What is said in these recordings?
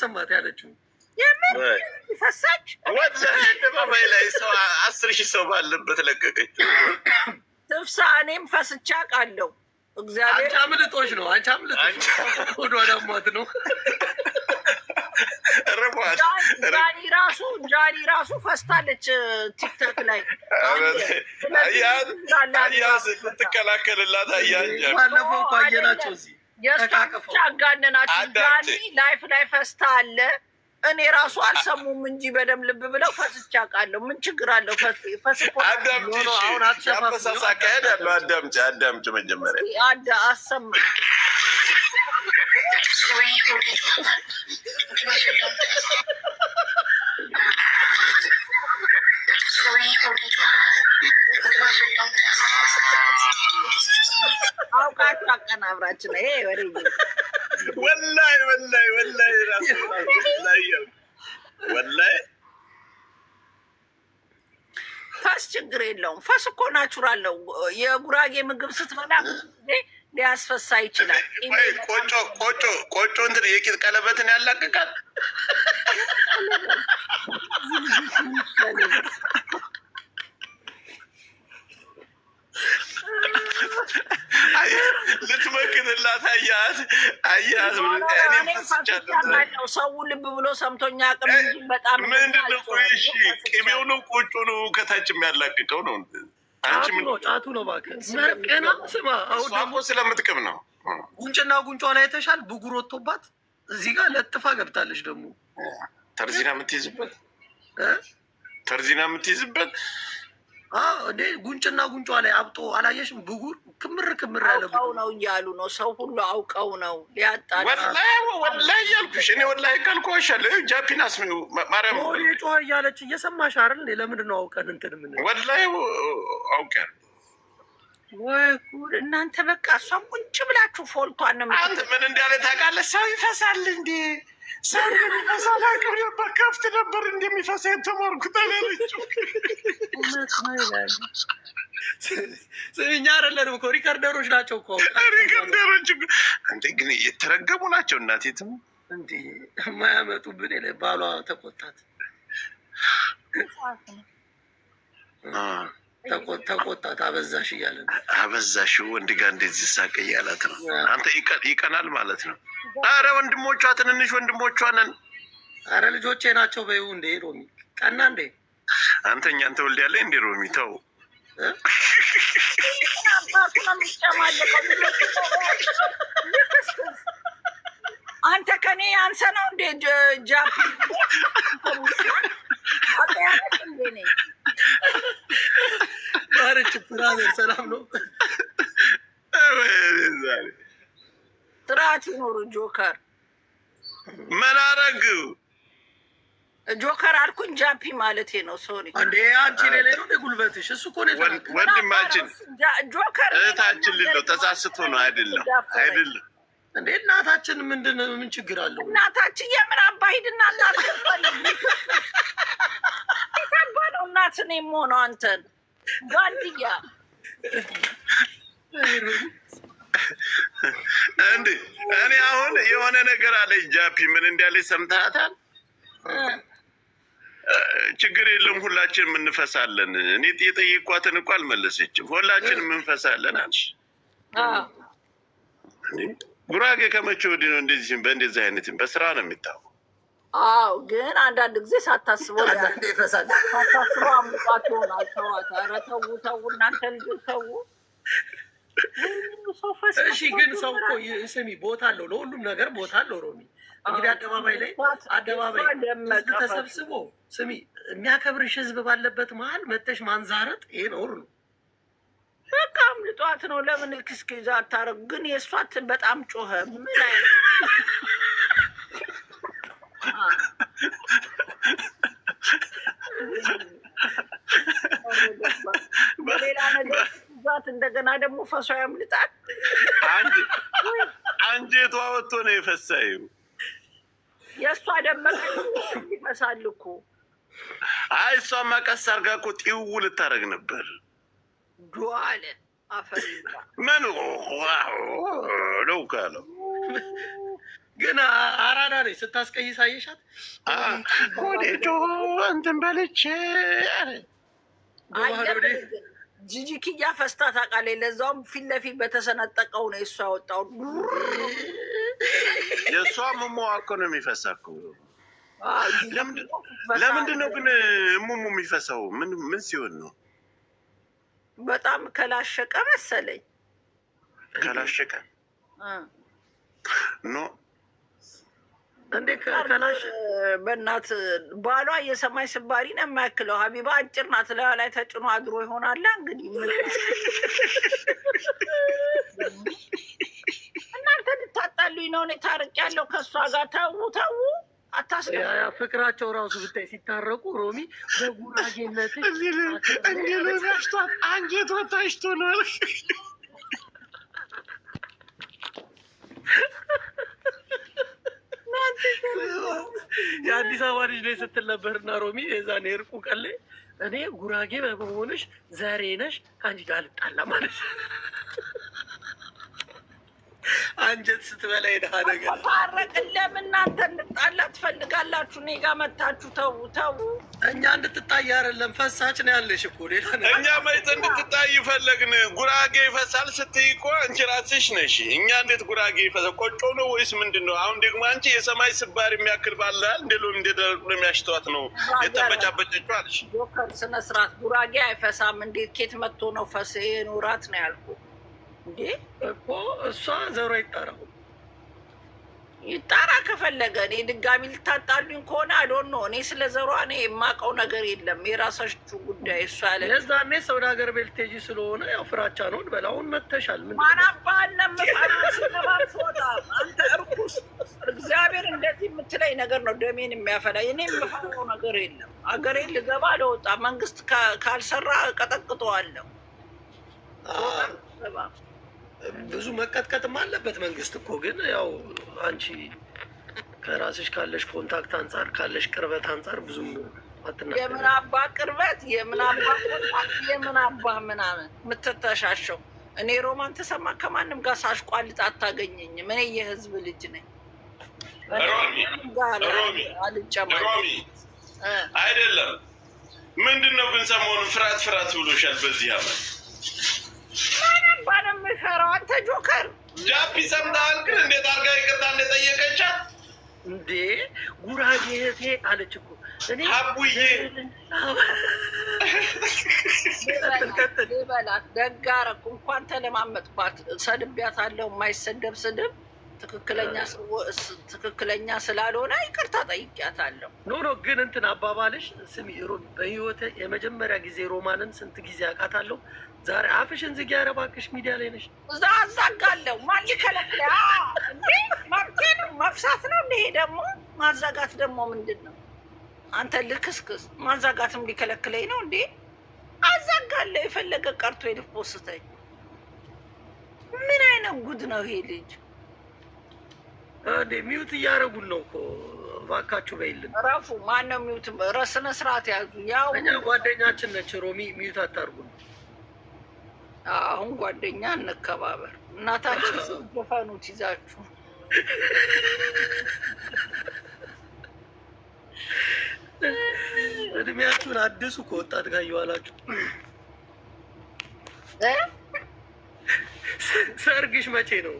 አሰማት ያለችው ፈሳች ወዛ አደባባይ ላይ ሰው አስር ሺህ ሰው ባለበት ለቀቀችው። ትፍሳ እኔም ፈስቻ ቃለው እግዚአብሔር አምልጦች ነው። አንቺ አምልጦች ሆዷ ዳሟት ነው። ጃኒ ራሱ ጃኒ ራሱ ፈስታለች ቲክቶክ ላይ ልትከላከልላት አያ ባለፈው እኮ እዚህ የእሱ አጋነናቸው። ዳኒ ላይፍ ላይ ፈስታ አለ። እኔ ራሱ አልሰሙም እንጂ በደም ልብ ብለው ፈስቻ ቃለሁ። ምን ችግር አለው? ፈስአዳምጭፈሳሳ ያለው አዳምጭ አዳምጭ መጀመሪያ አዳ አሰማ አውቃችሁ አቀናብራችን ይሄ ወደ ወላይ ወላይ ወላይ ወላይ ፈስ ችግር የለውም። ፈስ እኮ ናቹራል ነው። የጉራጌ ምግብ ስትበላ ሊያስፈሳ ይችላል። ቆጮ ቆጮ ቆጮ እንትን የቂጥ ቀለበትን ያላቅቃል። አያት አያት ሰው ልብ ብሎ ሰምቶኛ ቅም በጣም ምንድን ነው? እሺ ቅቤው ነው ቆጮ ነው ከታች የሚያላግጠው ነው። አንቺ ነው ጫቱ ነው እባክህ። መርቄና ስማ፣ አሁን ደግሞ ስለምትቅም ነው። ጉንጭና ጉንጯን አይተሻል? ብጉር ወጥቶባት እዚህ ጋር ለጥፋ ገብታለች። ደግሞ ተርዚና የምትይዝበት ተርዚና የምትይዝበት እኔ ጉንጭና ጉንጯ ላይ አብጦ አላየሽም? ብጉር ክምር ክምር ያለ አውቀው ነው እያሉ ነው። ሰው ሁሉ አውቀው ነው ሊያጣላ ወላሂ ያልኩሽ እኔ ወላሂ ከልኮሻል። ጃፒናስ ማርያም ጮኸ እያለች እየሰማሽ አይደል? ለምንድን ነው አውቀን እንትን ምን ወላሂ አውቀን ወይ ጉድ እናንተ በቃ እሷም ቁንጭ ብላችሁ ፎልቷን ነው ምን እንዳለ ታውቃለህ? ሰው ይፈሳል እንዴ ሰሪ የሚፈሳ ላቀር ነበር ከፍት ነበር እንደሚፈሳ የተማርኩት አላለችው። እኛ አይደለንም እኮ ሪከርደሮች ናቸው እኮ ሪከርደሮች እንዴ! ግን የተረገሙ ናቸው። እናቴትም እንዴ የማያመጡብን ባሏ ተቆጣት። ተቆጣት አበዛሽ እያለ አበዛሽ ወንድ ጋር እንደዚህ ሳቀ እያላት ነው። አንተ ይቀናል ማለት ነው። አረ ወንድሞቿ ትንንሽ ወንድሞቿ ነን። አረ ልጆቼ ናቸው በይው እንዴ ሮሚ ቀና እንዴ አንተ እኛን ያለ እንዴ ሮሚ ተው። አንተ ከኔ አንሰ ነው እንዴ ጃ ብራዘር ሰላም ነው? ይኖሩ ጆከር ምን አረግ ጆከር አልኩኝ። ጃፒ ማለቴ ነው። ሶሪ እንዴ አንቺ ሌላ ነው ጉልበትሽ። እሱ እኮ ወንድማችን ጆከር እህታችን ልለው ተሳስቶ ነው። አይደለም አይደለም እንዴ እናታችን፣ ምንድን ምን ችግር አለው? እናታችን የምን አባ ሂድና እናት ነው እናትን የምሆነው አንተን ጋንድያ እንዴ እኔ አሁን የሆነ ነገር አለኝ። ጃፒ ምን እንዳለች ሰምተሃታል? ችግር የለም ሁላችንም እንፈሳለን። እኔ የጠየኳትን እኮ አልመለሰችም። ሁላችንም እንፈሳለን አልሽ። ጉራጌ ከመቼ ወዲህ ነው እንደዚህ በእንደዚህ በስራ ነው የሚታወቅ አዎ ግን አንዳንድ ጊዜ ሳታስበው ሳታስበው አምልጧት ይሆናል። ተዋት። ኧረ ተው ተው፣ እናንተ ልጆች ተው። እሺ ግን ሰው እኮ ስሚ፣ ቦታ አለው ለሁሉም ነገር ቦታ አለው። ሮሚ እንግዲህ አደባባይ ላይ አደባባይ ተሰብስቦ ስሚ፣ የሚያከብርሽ ህዝብ ባለበት መሀል መተሽ ማንዛረጥ ይሄ ነው ነው። በቃ አምልጧት ነው። ለምን ክስኪዛ አታረጉ? ግን የእሷት በጣም ጮኸ። ምን አይነት በሌላ ነገር ዛት እንደገና ደግሞ ፈሷ ያምልጣል። አንጀቷ ወጥቶ ነው የፈሳዩ። የእሷ ደመቀ ይፈሳል እኮ። አይ እሷማ ቀስ አርጋ እኮ ጢው ልታደርግ ነበር ዶአለ አፈ ምን ነው ካለው ግን አራዳ ነኝ ስታስቀይ ሳየሻት ወዴጆ እንትን በልች ጂጂ ኪያ ፈስታ ታውቃለች። ለዛውም ፊት ለፊት በተሰነጠቀው ነው የእሷ ያወጣው። የእሷ ሙሙዋ እኮ ነው የሚፈሳው ለምንድን ነው ግን ሙሙ የሚፈሳው? ምን ሲሆን ነው? በጣም ከላሸቀ መሰለኝ። ከላሸቀ ኖ እንዴ በእናት ባሏ የሰማይ ስባሪ ነው የማያክለው። ሀቢባ አጭር ናት። ላዩ ላይ ተጭኖ አድሮ ይሆናላ። እንግዲህ እናንተ ልታጣሉኝ ነው። እኔ ያለው ከእሷ ጋር። ተው ተው፣ አታስገባ ፍቅራቸው ራሱ ብታይ ሲታረቁ ሮሚ በጉራጌነት አንጌቷ ታሽቶ ነው አዲስ አበባ ልጅ ላይ ስትል ነበርና ሮሚ የዛን የእርቁ ቀን እኔ ጉራጌ በመሆንሽ ዘሬ ነሽ ከአንቺ ጋር አልጣላም አለሽ። አንጀት ስትበላ የድሃ ነገር ታረቅን። ለምን እናንተ እንጣላ ትፈልጋላችሁ? እኔ ጋ መታችሁ። ተው ተው። እኛ እንድትጣይ አይደለም ፈሳች ነው ያለሽ እኮ ሌላ ነገር። እኛ መቼ እንድትጣይ ይፈለግን። ጉራጌ ይፈሳል ስትይ እኮ አንቺ ራስሽ ነሽ። እኛ እንዴት ጉራጌ ይፈሳል? ቆጮ ነው ወይስ ምንድን ነው? አሁን ደግሞ አንቺ የሰማይ ስባር የሚያክል ባላል እንደ ሎሚ እንደደረቁ የሚያሽተዋት ነው የተበጫበጨችው አለሽ። ዶክተር ስነስርዓት ጉራጌ አይፈሳም። እንዴት ኬት መጥቶ ነው ፈስ ኖራት ነው ያልኩ እንዴ እኮ እሷ ዘሮ ይጠራው ይጣራ ከፈለገ። እኔ ድጋሚ ልታጣሉኝ ከሆነ አዶን ነው። እኔ ስለ ዘሯ እኔ የማውቀው ነገር የለም። የራሳችሁ ጉዳይ። እሷ ያለ ለዛኔ ሰውድ ሀገር ቤልቴጂ ስለሆነ ያው ፍራቻ ነው እንበል። አሁን መተሻል ምን ማናባለም ስወጣ አንተ እርኩስ እግዚአብሔር እንደዚህ የምትለኝ ነገር ነው ደሜን የሚያፈላኝ። እኔ የምፈራው ነገር የለም። ሀገሬ ልገባ ለወጣ መንግስት ካልሰራ ቀጠቅጠዋለሁ። ብዙ መቀጥቀጥም አለበት መንግስት እኮ ግን ያው አንቺ ከራስሽ ካለሽ ኮንታክት አንጻር ካለሽ ቅርበት አንጻር ብዙም አትናገሪም። የምናባ ቅርበት የምናባ ኮንታክት የምናባ ምናምን የምትተሻሸው እኔ ሮማን ተሰማ ከማንም ጋር ሳሽቋልጥ አታገኘኝም። እኔ የህዝብ ልጅ ነኝ። ሮሚ አይደለም ምንድን ነው ግን ሰሞኑን ፍርሃት ፍርሃት ብሎሻል በዚህ አመት እንኳን የምፈራው አንተ ጆከር ጃፒ ሰምተሃል? ግን እንዴት አድርጋ ይቅርታ እንደጠየቀቻት እንዴ ጉራጌ እህቴ አለች እኮ እኔ አቡዬ ደጋረኩ። እንኳን ተለማመጥኳት። የማይሰደብ ስድብ ትክክለኛ ትክክለኛ ስላልሆነ ይቅርታ ጠይቂያታለሁ። ኖ ኖ ግን እንትን አባባልሽ ስሚ፣ በህይወት የመጀመሪያ ጊዜ ሮማንን ስንት ጊዜ አውቃታለሁ። ዛሬ አፍሽን ዝጊ፣ ኧረ እባክሽ ሚዲያ ላይ ነሽ። እዛ አዛጋለሁ። ማን ሊከለክለ እንዴ? መፍሳት ነው እንዴ? ደግሞ ማዛጋት ደግሞ ምንድን ነው? አንተ ልክስክስ፣ ማዛጋትም ሊከለክለኝ ነው እንዴ? አዛጋለሁ። የፈለገ ቀርቶ የልፖስተኝ ምን አይነት ጉድ ነው ይሄ ልጅ? እንዴ ሚውት እያደረጉን ነው እኮ እባካችሁ በይልን። እረፉ። ነው ሚውት? ስነ ስርዓት ያዙ። ያው እኛ ጓደኛችን ነች ሮሚ፣ ሚውት አታርጉን። አሁን ጓደኛ እንከባበር። እናታችን ዘፈኑት ይዛችሁ እድሜያችሁን አዲሱ ከወጣት ጋር እየዋላችሁ ሰርግሽ መቼ ነው?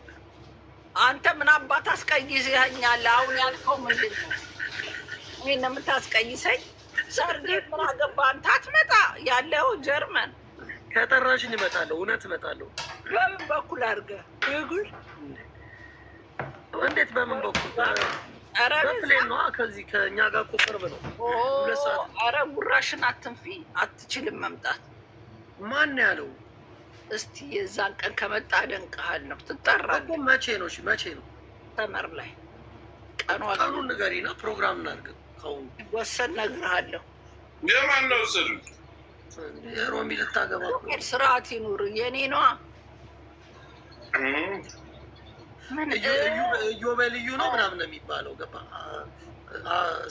አንተ ምን አባት አስቀይሰኛል? አሁን ያልከው ምንድን ነው? እኔን ነው የምታስቀይሰኝ? ሰርጌ ምን አገባ? አንተ አትመጣ ያለው ጀርመን ከጠራሽን እመጣለሁ። እውነት እመጣለሁ። በምን በኩል አድርገህ ይጉል? እንዴት በምን በኩል በፕሌን ነዋ። ከዚህ ከእኛ ጋር እኮ ቅርብ ነው። ኧረ ጉራሽን አትንፊ። አትችልም መምጣት። ማን ያለው እስቲ የዛን ቀን ከመጣ አደንቅሃለሁ። ትጠራለህ። መቼ ነው? እሺ መቼ ነው? ተመር ላይ ቀኑ ቀኑን ንገሪና ፕሮግራም እናድርግ። ወሰን ነግርሃለሁ። የማን ነው ወሰዱት? የሮሚ ልታገባ ስርዓት ይኑር። የኔ ነዋ። ዮበልዩ ነው ምናምን ነው የሚባለው። ገባ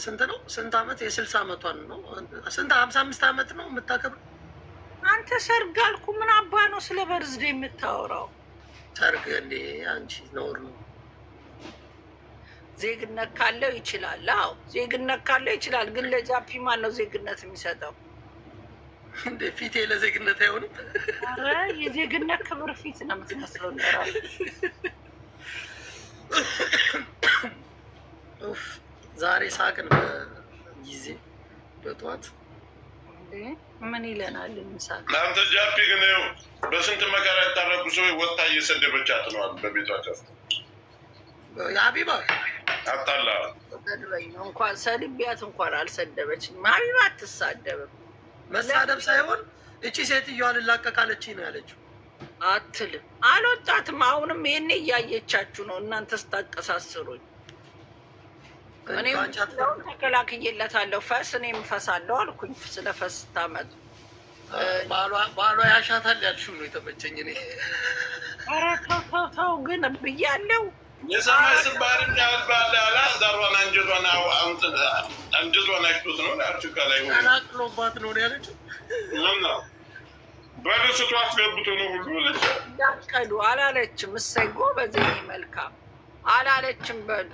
ስንት ነው? ስንት አመት? የስልሳ አመቷን ነው ስንት ሀምሳ አምስት አመት ነው የምታከብረው አንተ ሰርግ አልኩ። ምን አባ ነው ስለ በርዝዴ የምታወራው? ሰርግ እንዴ አንቺ ኖር ነው። ዜግነት ካለው ይችላል። አዎ ዜግነት ካለው ይችላል። ግን ለጃፒ ማን ነው ዜግነት የሚሰጠው? እንደ ፊቴ ለዜግነት አይሆንም። ኧረ የዜግነት ክብር ፊት ነው የምትመስለው። ዛሬ ሳቅን በጊዜ በጠዋት ምን ይለናል? እናንተ ጃፒ ግን በስንት መከራ ያታረቁ ሰዎች እየሰደበቻት ሀቢባ እንኳን ሰድቢያት እንኳን አልሰደበችኝም። ሀቢባ አትሳደብም። መሳደብ ሳይሆን እቺ ሴትዮዋ ልላቀቃለች ነው ያለችው። አትልም አልወጣትም። አሁንም ይህን እያየቻችሁ ነው እናንተ ስታቀሳስሩኝ ተከላክዬለታለሁ። ፈስ እኔ አልኩኝ። ስለ ፈስ ባሏ ያሻታል ያልሽው ነው የተመቸኝ። እኔ ኧረ ተው ተው ተው ግን ብያለሁ። የሰማይ ዛሯን አሽቶት ነው ከላይ ነው ያለችው አስገብቶ ነው ሁሉ አላለችም። እሰይ ጎበዝ፣ መልካም አላለችም በሉ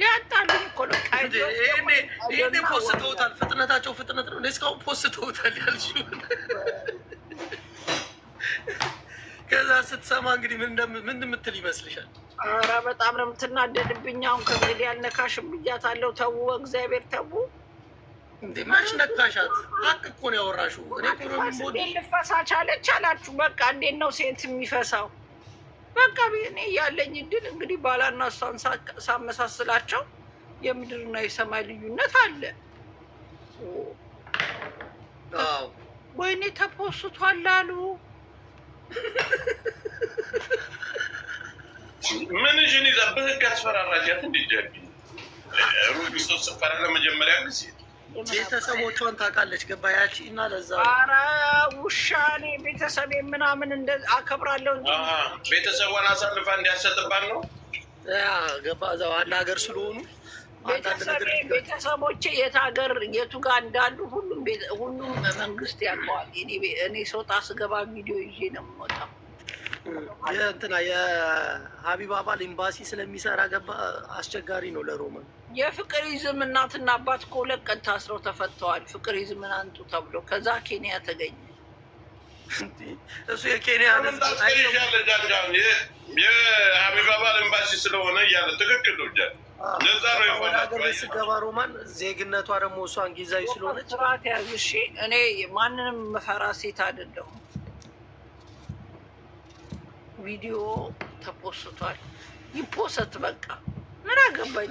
ሊያጣሉኝ እኮ ነው። ይሄኔ ፖስተውታል። ፍጥነታቸው ፍጥነት ነው። እስካሁን ፖስተውታል ያልሽው ከዛ ስትሰማ እንግዲህ ምን ምትል ይመስልሻል? ኧረ በጣም ነው የምትናደድብኝ። አሁን ከእንግዲህ ያልነካሽም ብያታለሁ። ተው እግዚአብሔር ተው። እንዴ ማሽ ነካሻት? ሀቅ እኮ ነው ያወራሽው። ልፈሳች አለች አላችሁ። በቃ እንዴት ነው ሴንት የሚፈሳው? በቃ እኔ ያለኝ እድል እንግዲህ ባላና እሷን ሳመሳስላቸው የምድርና የሰማይ ልዩነት አለ። ወይኔ ተፖስቷል አሉ። ምን ይዛ በህግ አስፈራራጃት እንዲጀቢ ሩቢሶ ስፈራ ለመጀመሪያ ጊዜ ቤተሰቦቿን ታውቃለች። ገባያች እና ለዛ አረ ውሻ እኔ ቤተሰብ ምናምን እንደ አከብራለሁ እንጂ ቤተሰቧን አሳልፋ እንዲያሰጥባት ነው። ገባ እዛው አንድ ሀገር ስለሆኑ ቤተሰቦቼ የት ሀገር የቱ ጋር እንዳሉ ሁሉም ሁሉም መንግስት ያውቀዋል። እኔ ሰውጣ ስገባ ቪዲዮ ይዤ ነው የምወጣው። እንትና የሀቢብ አባል ኤምባሲ ስለሚሰራ ገባ አስቸጋሪ ነው ለሮማን የፍቅር ይዝም እናትና አባት እኮ ሁለት ቀን ታስረው ተፈተዋል። ፍቅር ይዝምን አንጡ ተብሎ ከዛ ኬንያ ተገኘ። እሱ የኬንያ የአቢባባል ኤምባሲ ስለሆነ እያለ ትክክል ነው። ለዛ ስገባ ሮማን ዜግነቷ ደግሞ እሷ እንግሊዛዊ ስለሆነች ስርዓት ያዝ። እሺ እኔ ማንንም መፈራ ሴት አይደለሁም። ቪዲዮ ተፖስቷል፣ ይፖሰት በቃ ምን አገባኝ?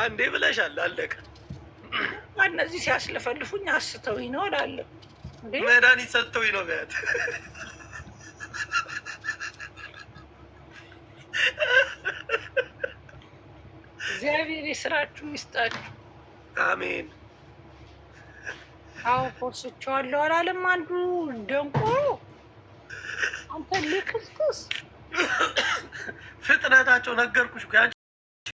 አንዴ ብለሻል፣ አለቀ። እነዚህ ሲያስለፈልፉኝ አስተውኝ ነው እላለሁ። መድኃኒት ሰጥተውኝ ነው ቢያት እግዚአብሔር የስራችሁ ይስጣችሁ። አሜን። አዎ ኮስቼዋለሁ አላለም አንዱ ደንቆሮ አንተ ልክስክስ ፍጥነታቸው ነገርኩሽ።